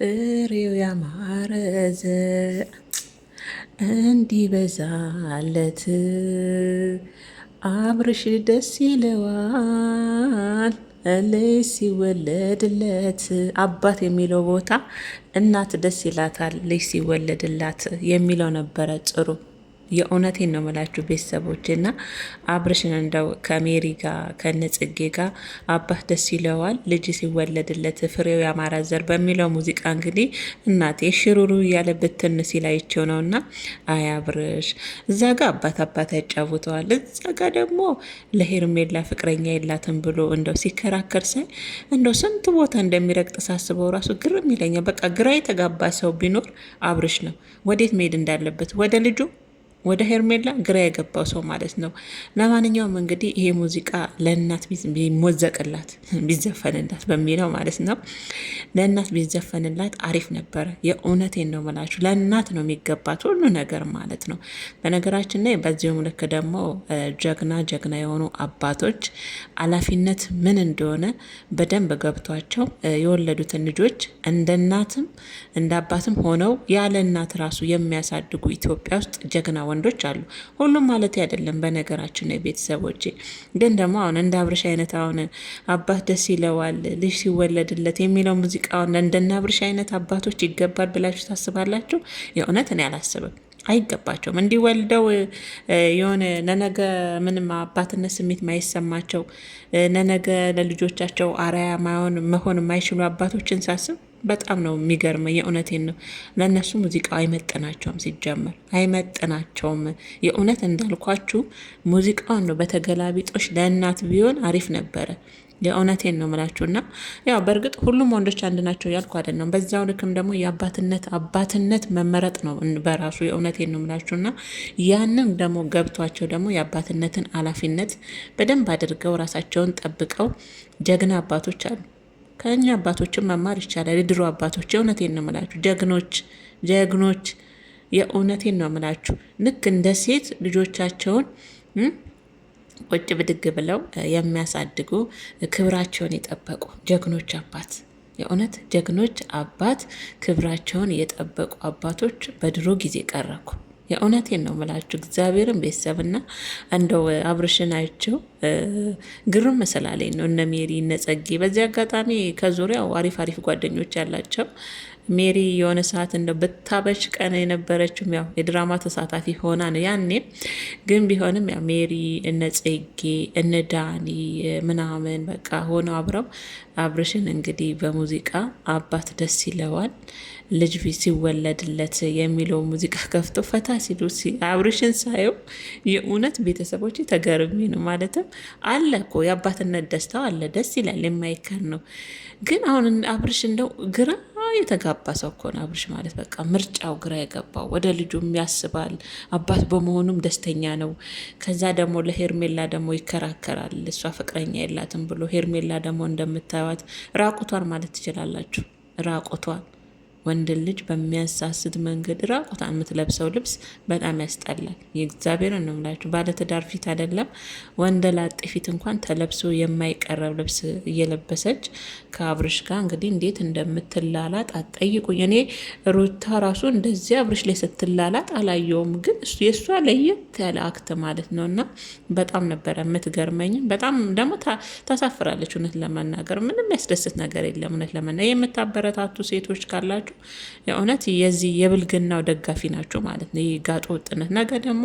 ፍሬው ያማረ እንዲበዛለት አብርሽ ደስ ይለዋል ልጅ ሲወለድለት። አባት የሚለው ቦታ እናት ደስ ይላታል ልጅ ሲወለድላት የሚለው ነበረ ጥሩ የእውነቴን ነው የምላችሁ ቤተሰቦች እና አብርሽን እንደው ከሜሪ ጋር ከነጽጌ ጋር አባት ደስ ይለዋል ልጅ ሲወለድለት ፍሬው ያማረ ዘር በሚለው ሙዚቃ እንግዲህ እናቴ ሽሩሩ እያለ ብትን ሲላይቸው ነው እና አይ አብርሽ እዛ ጋ አባት አባት ያጫውተዋል፣ እዛ ጋ ደግሞ ለሄርሜላ ፍቅረኛ የላትም ብሎ እንደው ሲከራከር ሳይ እንደው ስንት ቦታ እንደሚረግጥ ሳስበው ራሱ ግርም ይለኛል። በቃ ግራ የተጋባ ሰው ቢኖር አብርሽ ነው። ወዴት መሄድ እንዳለበት ወደ ልጁ ወደ ሄርሜላ ግራ የገባው ሰው ማለት ነው። ለማንኛውም እንግዲህ ይሄ ሙዚቃ ለእናት ቢሞዘቅላት ቢዘፈንላት በሚለው ማለት ነው። ለእናት ቢዘፈንላት አሪፍ ነበረ። የእውነቴን ነው ምላችሁ፣ ለእናት ነው የሚገባት ሁሉ ነገር ማለት ነው። በነገራችን ላይ በዚሁም ልክ ደግሞ ጀግና ጀግና የሆኑ አባቶች ኃላፊነት ምን እንደሆነ በደንብ ገብቷቸው የወለዱትን ልጆች እንደ እናትም እንደ አባትም ሆነው ያለ እናት ራሱ የሚያሳድጉ ኢትዮጵያ ውስጥ ጀግና ወንዶች አሉ። ሁሉም ማለት አይደለም በነገራችን ነው ቤተሰቦቼ። ግን ደግሞ አሁን እንደ አብርሽ አይነት አሁን አባት ደስ ይለዋል ልጅ ሲወለድለት የሚለው ሙዚቃ እንደነ አብርሽ አይነት አባቶች ይገባል ብላችሁ ታስባላችሁ? የእውነት እኔ አላስብም። አይገባቸውም። እንዲወልደው የሆነ ለነገ ምንም አባትነት ስሜት ማይሰማቸው ለነገ ለልጆቻቸው አርአያ መሆን የማይችሉ አባቶችን ሳስብ በጣም ነው የሚገርም። የእውነቴን ነው። ለእነሱ ሙዚቃ አይመጥናቸውም፣ ሲጀመር አይመጥናቸውም። የእውነት እንዳልኳችሁ ሙዚቃውን ነው በተገላቢጦሽ ለእናት ቢሆን አሪፍ ነበረ። የእውነቴን ነው ምላችሁ። እና ያው በእርግጥ ሁሉም ወንዶች አንድ ናቸው ያልኩ አይደለም። በዚያው ልክም ደግሞ የአባትነት አባትነት መመረጥ ነው በራሱ። የእውነቴን ነው ምላችሁ። እና ያንም ደግሞ ገብቷቸው ደግሞ የአባትነትን ኃላፊነት በደንብ አድርገው ራሳቸውን ጠብቀው ጀግና አባቶች አሉ። ከእኛ አባቶችን መማር ይቻላል። የድሮ አባቶች የእውነቴን ነው የምላችሁ፣ ጀግኖች ጀግኖች፣ የእውነቴን ነው የምላችሁ። ልክ እንደ ሴት ልጆቻቸውን ቁጭ ብድግ ብለው የሚያሳድጉ ክብራቸውን የጠበቁ ጀግኖች አባት የእውነት ጀግኖች አባት ክብራቸውን የጠበቁ አባቶች በድሮ ጊዜ ቀረኩ። የእውነቴን ነው የምላችሁ እግዚአብሔርን ቤተሰብና እንደው አብርሽን አይቼው ግርም መሰላለኝ ነው። እነ ሜሪ እነ ጸጌ በዚህ አጋጣሚ ከዙሪያው አሪፍ አሪፍ ጓደኞች ያላቸው ሜሪ የሆነ ሰዓት እንደው ብታበሽ ቀን የነበረችው ያው የድራማ ተሳታፊ ሆና ነው ያኔ። ግን ቢሆንም ያው ሜሪ እነ ጽጌ እነ ዳኒ ምናምን በቃ ሆነው አብረው አብርሽን እንግዲህ በሙዚቃ አባት ደስ ይለዋል ልጅ ሲወለድለት የሚለው ሙዚቃ ከፍቶ ፈታ ሲሉ አብርሽን ሳየው የእውነት ቤተሰቦች ተገርሚ ነው። ማለትም አለ እኮ የአባትነት ደስታው አለ፣ ደስ ይላል፣ የማይከር ነው። ግን አሁን አብርሽ እንደው ግራ የተጋባ ሰው እኮ ነው አብርሽ ማለት በቃ ምርጫው ግራ የገባው ወደ ልጁም ያስባል፣ አባት በመሆኑም ደስተኛ ነው። ከዛ ደግሞ ለሄርሜላ ደግሞ ይከራከራል። እሷ ፍቅረኛ የላትም ብሎ ሄርሜላ ደግሞ እንደምታዩት ራቁቷን ማለት ትችላላችሁ ራቁቷን ወንድን ልጅ በሚያሳስት መንገድ ራቁታ የምትለብሰው ልብስ በጣም ያስጠላል። የእግዚአብሔርን ነው የምላችሁ። ባለትዳር ፊት አይደለም ላጤ ፊት እንኳን ተለብሶ የማይቀረብ ልብስ እየለበሰች ከአብርሽ ጋር እንግዲህ እንዴት እንደምትላላጥ አትጠይቁኝ። እኔ ሩታ ራሱ እንደዚህ አብርሽ ላይ ስትላላጥ አላየውም፣ ግን የእሷ ለየት ያለ አክት ማለት ነው እና በጣም ነበረ የምትገርመኝ። በጣም ደግሞ ታሳፍራለች። እውነት ለመናገር ምንም ያስደስት ነገር የለም። እውነት ለመና የምታበረታቱ ሴቶች ካላችሁ የእውነት የዚህ የብልግናው ደጋፊ ናቸው ማለት ነው። ይህ ጋጠ ወጥነት ነገ ደግሞ